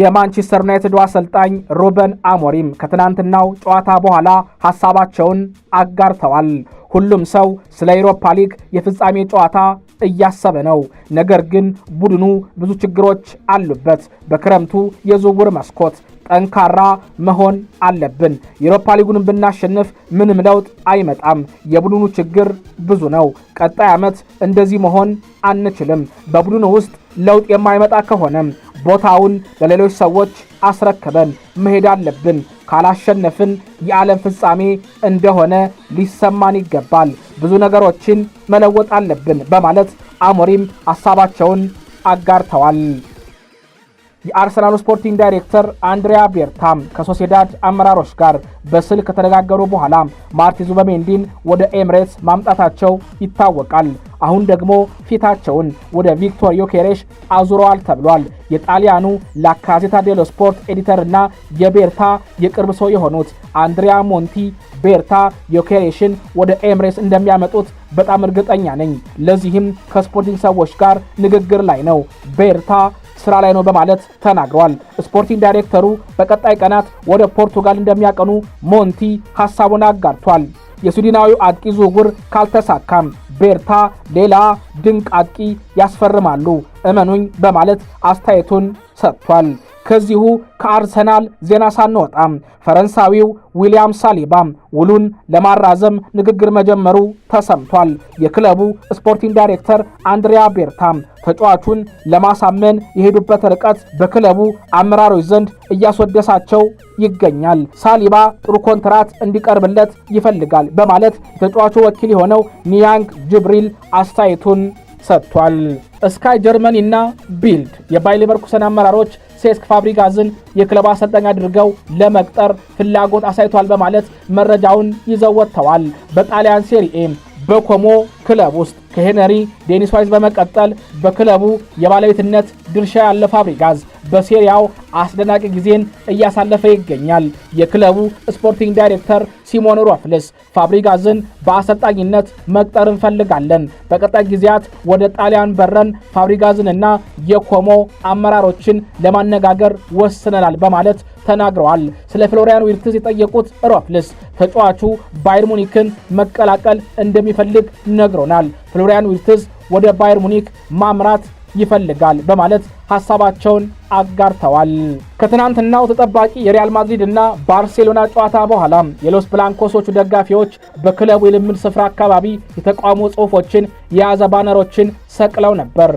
የማንቸስተር ዩናይትድ አሰልጣኝ ሩበን አሞሪም ከትናንትናው ጨዋታ በኋላ ሀሳባቸውን አጋርተዋል። ሁሉም ሰው ስለ ኤሮፓ ሊግ የፍጻሜ ጨዋታ እያሰበ ነው። ነገር ግን ቡድኑ ብዙ ችግሮች አሉበት። በክረምቱ የዝውውር መስኮት ጠንካራ መሆን አለብን። የአውሮፓ ሊጉን ብናሸንፍ ምንም ለውጥ አይመጣም። የቡድኑ ችግር ብዙ ነው። ቀጣይ ዓመት እንደዚህ መሆን አንችልም። በቡድኑ ውስጥ ለውጥ የማይመጣ ከሆነም ቦታውን ለሌሎች ሰዎች አስረክበን መሄድ አለብን። ካላሸነፍን የዓለም ፍጻሜ እንደሆነ ሊሰማን ይገባል። ብዙ ነገሮችን መለወጥ አለብን በማለት አሞሪም ሀሳባቸውን አጋርተዋል። የአርሰናሉ ስፖርቲንግ ዳይሬክተር አንድሪያ ቤርታም ከሶሴዳድ አመራሮች ጋር በስልክ ከተነጋገሩ በኋላ ማርቲን ዙበሜንዲን ወደ ኤምሬትስ ማምጣታቸው ይታወቃል። አሁን ደግሞ ፊታቸውን ወደ ቪክቶር ዮኬሬሽ አዙረዋል ተብሏል። የጣሊያኑ ላካዜታ ዴሎ ስፖርት ኤዲተርና የቤርታ የቅርብ ሰው የሆኑት አንድሪያ ሞንቲ ቤርታ ዮኬሬሽን ወደ ኤምሬስ እንደሚያመጡት በጣም እርግጠኛ ነኝ። ለዚህም ከስፖርቲንግ ሰዎች ጋር ንግግር ላይ ነው። ቤርታ ስራ ላይ ነው በማለት ተናግሯል። ስፖርቲንግ ዳይሬክተሩ በቀጣይ ቀናት ወደ ፖርቱጋል እንደሚያቀኑ ሞንቲ ሀሳቡን አጋርቷል። የሱዲናዊው አጥቂ ዝውውር ካልተሳካም ቤርታ ሌላ ድንቅ አጥቂ ያስፈርማሉ እመኑኝ በማለት አስተያየቱን ሰጥቷል። ከዚሁ ከአርሰናል ዜና ሳንወጣም ፈረንሳዊው ዊሊያም ሳሊባ ውሉን ለማራዘም ንግግር መጀመሩ ተሰምቷል። የክለቡ ስፖርቲንግ ዳይሬክተር አንድሪያ ቤርታም ተጫዋቹን ለማሳመን የሄዱበት ርቀት በክለቡ አመራሮች ዘንድ እያስወደሳቸው ይገኛል። ሳሊባ ጥሩ ኮንትራት እንዲቀርብለት ይፈልጋል በማለት የተጫዋቹ ወኪል የሆነው ኒያንግ ጅብሪል አስተያየቱን ሰጥቷል። ስካይ ጀርመኒ እና ቢልድ የባየር ሌቨርኩሰን አመራሮች ሴስክ ፋብሪጋዝን የክለቡ አሰልጣኝ አድርገው ለመቅጠር ፍላጎት አሳይቷል በማለት መረጃውን ይዘው ወጥተዋል። በጣሊያን ሴሪኤ በኮሞ ክለብ ውስጥ ከሄነሪ ዴኒስ ዋይዝ በመቀጠል በክለቡ የባለቤትነት ድርሻ ያለ ፋብሪጋዝ በሴሪያው አስደናቂ ጊዜን እያሳለፈ ይገኛል። የክለቡ ስፖርቲንግ ዳይሬክተር ሲሞን ሮፍልስ ፋብሪጋዝን በአሰልጣኝነት መቅጠር እንፈልጋለን፣ በቀጣይ ጊዜያት ወደ ጣሊያን በረን ፋብሪጋዝንና የኮሞ አመራሮችን ለማነጋገር ወስነናል በማለት ተናግረዋል። ስለ ፍሎሪያን ዊርትዝ የጠየቁት ሮፍልስ ተጫዋቹ ባየር ሙኒክን መቀላቀል እንደሚፈልግ ነግሮናል። ፍሎሪያን ዊርትዝ ወደ ባየር ሙኒክ ማምራት ይፈልጋል በማለት ሀሳባቸውን አጋርተዋል። ከትናንትናው ተጠባቂ የሪያል ማድሪድ እና ባርሴሎና ጨዋታ በኋላ የሎስ ብላንኮሶቹ ደጋፊዎች በክለቡ የልምድ ስፍራ አካባቢ የተቃውሞ ጽሑፎችን የያዘ ባነሮችን ሰቅለው ነበር።